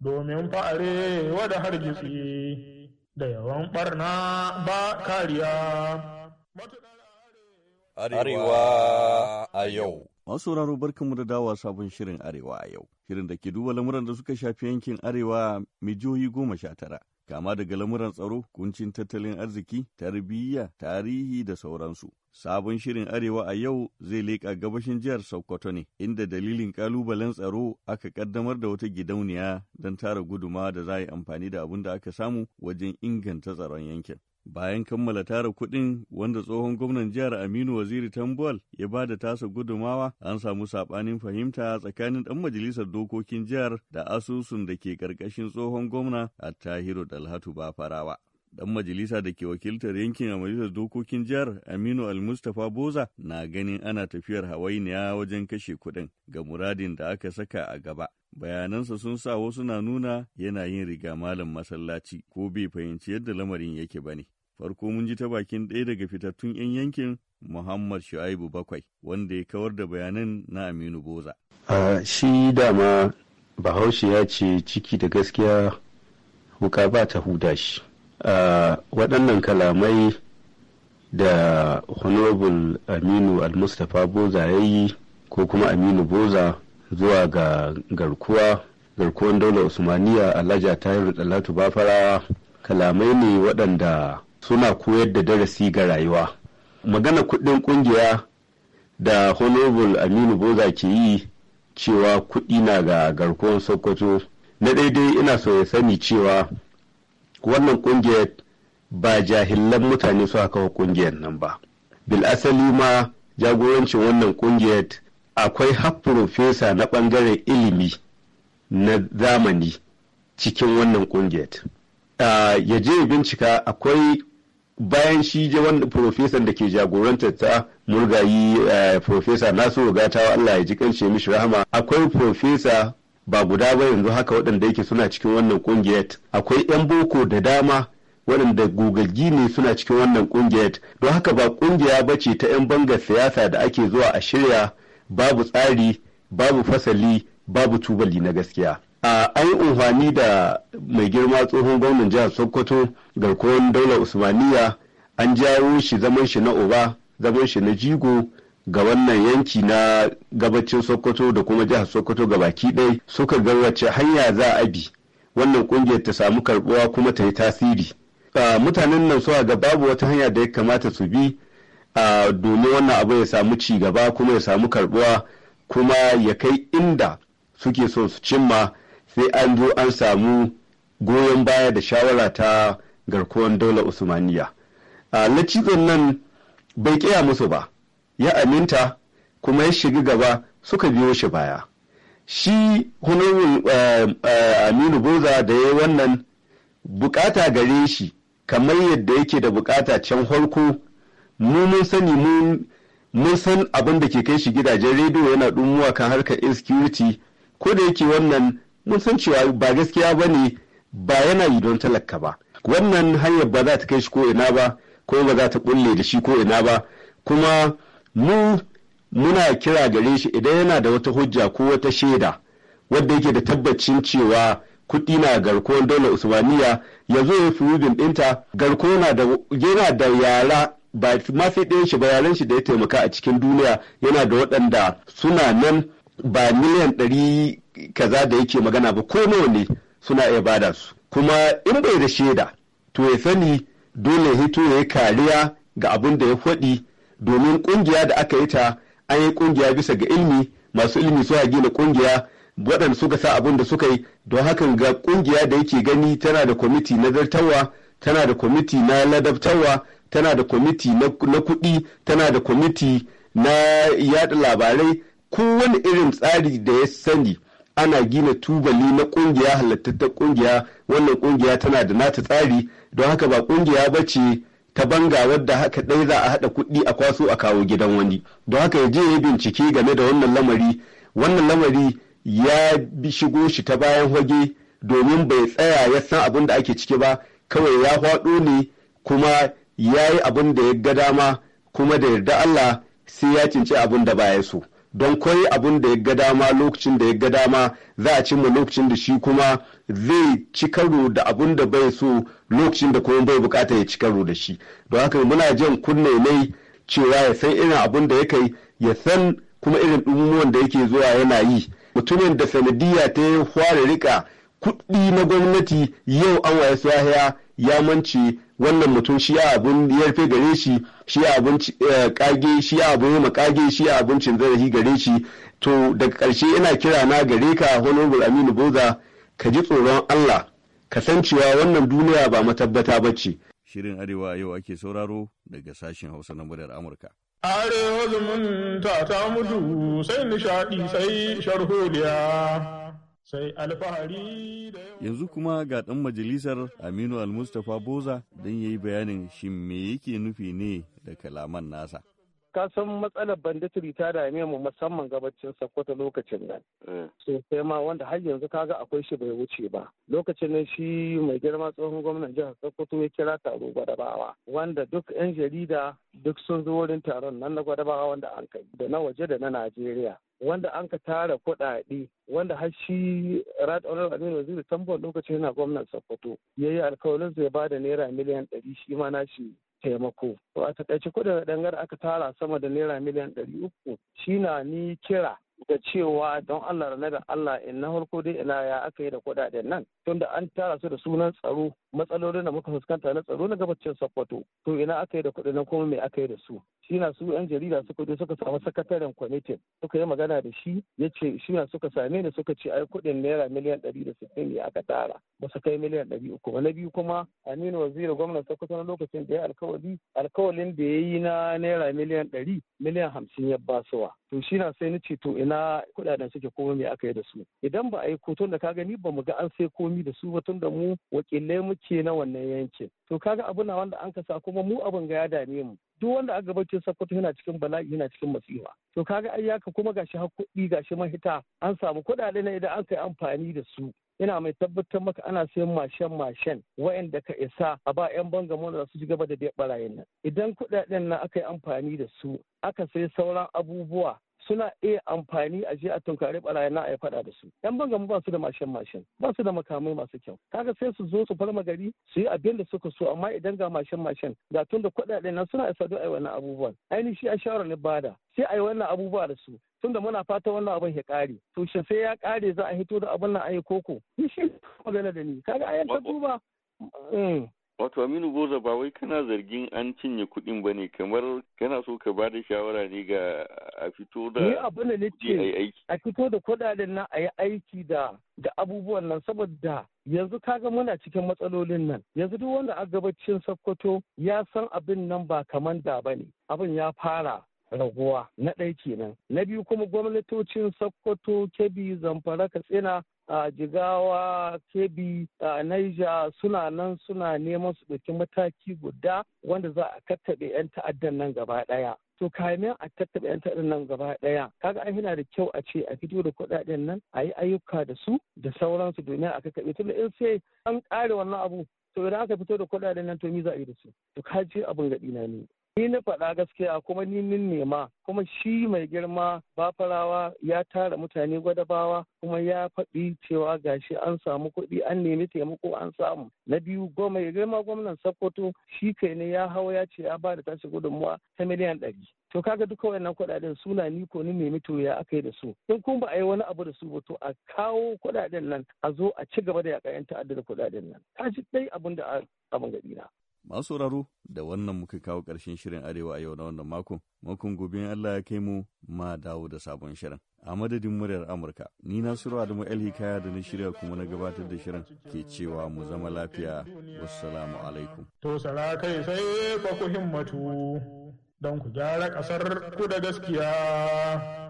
domin fa'are wada hargitsi da yawan ɓarna ba kariya. Arewa a yau Masu sauraro barkanmu da dawa sabon shirin Arewa a yau, shirin da ke duba lamuran da suka shafi yankin Arewa mai jihohi goma sha tara, kama daga lamuran tsaro, kuncin tattalin arziki, tarbiyya, tarihi da sauransu. Sabon shirin Arewa a yau zai leƙa gabashin jihar Sokoto ne, inda dalilin ƙalubalen tsaro aka ƙaddamar da wata gidauniya don tara guduma da za a yi amfani da abin da aka samu wajen inganta tsaron yankin. bayan kammala tara kuɗin wanda tsohon gwamnan jihar aminu waziri tambuwal ya ba da tasa gudumawa an samu saɓanin fahimta tsakanin ɗan majalisar dokokin jihar da asusun da ke karkashin tsohon gwamna a tahiru dalhatu ba farawa dan majalisa da ke wakiltar yankin a majalisar dokokin jihar aminu almustapha boza na ganin ana tafiyar hawainiya wajen kashe kuɗin ga muradin da aka saka a gaba bayanansa sun sa wasu na nuna yana yin riga malam masallaci ko bai fahimci yadda lamarin yake ba ne Farko mun ji ta bakin ɗaya daga fitattun 'yan yankin Muhammad Shu'aibu Bakwai wanda ya kawar da bayanan na Aminu Boza. a shi dama Bahaushe ya ce ciki da gaskiya wuka ba ta huda shi. a waɗannan kalamai da Honorable Aminu Al-Mustapha Boza ya yi ko kuma Aminu Boza zuwa ga garkuwa garkuwan daular Usmaniya Alhaji Tahiru Dalatu bafara kalamai ne waɗanda suna koyar da darasi ga rayuwa magana Kudin ƙungiya da honorable aminu boza ke yi cewa kudi na ga garkuwar sokoto na daidai ina so ya sani cewa wannan ƙungiyar ba jahilan mutane su haka ƙungiyar nan ba Bil asali ma jagorancin wannan ƙungiyar akwai fesa na ɓangaren ilimi na zamani cikin wannan ƙungiyar ah, ya je bincika akwai bayan shi je wanda profesan da ke jagorantar ta murgayi eh, profesa nasu gatawa Allah ya ji kance mishi rahama akwai profesa ba guda ba yanzu haka waɗanda yake suna cikin wannan kungiyar akwai 'yan boko da dama waɗanda gogaggi ne suna cikin wannan kungiyar don haka ba kungiya ba ce ta 'yan bangar siyasa da ake zuwa a shirya babu tsari babu fasali babu tubali na gaskiya an yi umfani da mai girma tsohon gwamnan jihar sokoto garkuwar daular usmaniya an jawo shi zaman shi na oba zaman shi na jigo ga wannan yanki na gabacin sokoto da kuma jihar sokoto ga baki ɗaya suka garwace hanya za a bi wannan kungiyar ta samu karbuwa kuma ta yi tasiri mutanen nan suwa ga babu wata hanya da ya kamata su bi domin wannan abu ya samu ci gaba kuma ya samu karbuwa kuma ya kai inda suke so su cimma sai an zo an samu goyon baya da shawara ta garkuwan daular usmaniya a lacizon nan bai kiya musu ba ya aminta kuma ya shiga gaba suka biyo shi baya shi hunurin eh, eh, aminu boza da ya wannan bukata gare shi kamar yadda yake da bukata can harko mu mun sani mun san abin da ke kai shi gidajen rediyo yana dumuwa kan harkar insecurity ko da yake wannan mun san cewa ba gaskiya ba ne ba yana yi don talaka ba wannan hanyar ba za ta kai shi ko ina ba ko ba za ta kulle da shi ko ina ba kuma mu muna kira gare shi idan yana da wata hujja ko wata shaida wadda yake da tabbacin cewa kuɗi na garkuwar dole usmaniya ya zo ya fi rubin ɗinta garko yana da yara ba ma sai ɗayan shi ba yaran shi da ya taimaka a cikin duniya yana da waɗanda suna nan ba miliyan ɗari kaza da yake magana ba ko nawa ne suna iya bada su kuma in bai da shaida to ya sani dole hito ya yi kariya ga abin da ya faɗi domin ƙungiya da aka yi ta an yi ƙungiya bisa ga ilmi masu ilmi suna gina ƙungiya waɗanda suka sa abin da suka yi don hakan ga ƙungiya da yake gani tana da kwamiti na zartawa tana da kwamiti na ladabtawa tana da kwamiti na kuɗi tana da kwamiti na yaɗa labarai kowane irin tsari da ya sani ana gina tubali na kungiya halattattun kungiya wannan kungiya tana da nata tsari don haka ba kungiya ba ce ta banga wadda haka ɗaya za a haɗa kuɗi a kwaso a kawo gidan wani don haka ya je ya bincike game da wannan lamari wannan lamari ya bi shigo shi ta bayan hage domin bai tsaya ya san abin da ake ciki ba kawai ya faɗo ne kuma ya yi abin da ya ga dama kuma da yarda Allah sai ya cinci abin da baya so. don kwai abin da ya ga dama lokacin da ya ga dama za a cimma lokacin da shi kuma zai ci karo da abin da bai so lokacin da kuma bai bukata ya ci karo da shi don haka muna jan kunne ne cewa ya san irin abin da ya kai ya san kuma irin dumuwan da yake zuwa yana yi mutumin da sanadiyya ta yi rika kuɗi na gwamnati yau an waye sahiya ya mance wannan mutum shi ya abin ya rufe gare shi shi ya abin eh, kage shi ya abin yi makage shi ya cin zarafi gare shi to daga ƙarshe ina kira na gare ka honorable aminu boza ka ji tsoron allah ka san cewa wannan duniya ba matabbata ba ce. shirin arewa yau ake sauraro daga sashen hausa na muryar amurka. arewa zumunta ta mutu sai nishaɗi sai sharholiya sai alfahari da yanzu kuma ga ɗan majalisar aminu al-Mustapha boza don ya yi bayanin shi me yake nufi ne da kalaman nasa ka san matsalar banditiri ta dame mu musamman gabacin Sokoto lokacin nan. Eh. Sosai ma wanda har yanzu kaga akwai shi bai wuce ba. Lokacin nan shi mai girma tsohon gwamnan jihar Sokoto ya kira taro gwadabawa wanda duk 'yan jarida duk sun zo wurin taron nan na gwadabawa wanda an kai da na waje da na Najeriya. wanda an ka tara kuɗaɗe wanda har shi rat aminu waziri tambo lokacin yana gwamnan sokoto ya yi alkawarin zai ba da naira miliyan ɗari shi ma na shi taimako. A takaice kudin dangar aka tara sama da naira miliyan ɗari uku shi na ni kira da cewa don Allah na da Allah in eh, na farko dai ina ya aka yi da kuɗaɗen nan tunda an tara su da sunan tsaro matsalolin da muka fuskanta na tsaro na gabacin Sokoto to ina aka yi da kuɗin na kuma me aka yi da su shi na su yan jarida suka je suka samu sakataren kwamitin suka yi magana da shi ya ce shi na suka same ni suka ce ai kuɗin naira miliyan ɗari da sittin ne aka tara ba su kai miliyan ɗari uku ba na biyu kuma Aminu Waziri gwamnan Sokoto na lokacin da ya alkawari alkawalin da ya yi na naira miliyan ɗari miliyan hamsin ya basuwa to shi na sai na ce to ina kudaden suke kuma me aka yi da su idan ba a yi ko tun da ka gani ba mu ga an sai komi da su ba tun da mu wakilai muke na wannan yankin to kaga abu na wanda an kasa kuma mu abin ga ya dame mu duk wanda aka gabace sakkwato yana cikin bala'i yana cikin masifa to kaga ayyaka kuma gashi har gashi mahita an samu kuɗaɗe na idan an kai amfani da su yana mai tabbatar maka ana sayan mashen mashen waɗanda ka isa a ba 'yan bangamon da su ci gaba da barayin nan idan kuɗaɗen na aka yi amfani da su aka sai sauran abubuwa suna iya amfani a je a tunkari barayi na a faɗa da su yan bangamu ba su da mashin mashin ba su da makamai masu kyau kaga sai su zo su farma gari su yi abin da suka so amma idan ga mashin mashin ga tun da kuɗaɗe nan suna isa don yi wannan abubuwan ainihi a shawarar bada sai a yi wannan abubuwa da su tunda muna fata wannan abin ya kare to shi sai ya kare za a hito da abin nan a yi koko ni shi magana da ni kaga ayan ta duba mm. Wato Aminu Boza ba wai kana zargin an cinye kuɗin ba ne kamar kana so ka bada shawara ne ga a fito da kuɗi a A fito da kuɗaɗen na a yi aiki da abubuwan nan saboda yanzu kaga muna cikin matsalolin nan yanzu duk wanda a gabacin Sokoto ya san abin nan ba kaman da ba ne abin ya fara raguwa na ɗaya kenan na biyu kuma gwamnatocin sokoto kebbi zamfara katsina jigawa kebi naija suna nan suna neman su ɗauki mataki guda wanda za a tattaɓe 'yan ta'addan nan gaba ɗaya to kamin a tattaɓa 'yan ta'addan nan gaba ɗaya kaga ai yana da kyau a ce a fito da kuɗaɗen nan a yi ayyuka da su da sauransu domin a kakaɓe tunda in sai an ƙare wannan abu to idan aka fito da kuɗaɗen nan to mi za a yi da su to ka je abin gaɗi na ne Ni na faɗa gaskiya kuma ni nin nema kuma shi mai girma bafarawa ya tara mutane gwadabawa kuma ya faɗi cewa gashi an samu kuɗi an nemi taimako an samu. Na biyu goma ya girma gwamnan Sokoto shi kai ne ya hau ya ce ya ba da tashi gudunmuwa ta miliyan ɗari. To kaga duka wayannan kuɗaɗen suna ni ko ni nemi to ya aka yi da su. In kuma ba a yi wani abu da su ba to a kawo kuɗaɗen nan a zo a ci gaba da yaƙa ta'addar da kuɗaɗen nan. Ka ji ɗai abin da abin gaɗi na. Masu sauraro da wannan muka kawo ƙarshen shirin Arewa a yau na wannan makon, makon gobe Allah ya kai mu ma dawo da sabon shirin. A madadin muryar Amurka, ni na Suru Adamu Hikaya da na shirya kuma na gabatar da shirin ke cewa mu zama lafiya. Wassalamu alaikum. To kai sai fa ku himmatu don ku gyara ƙasar ku da gaskiya.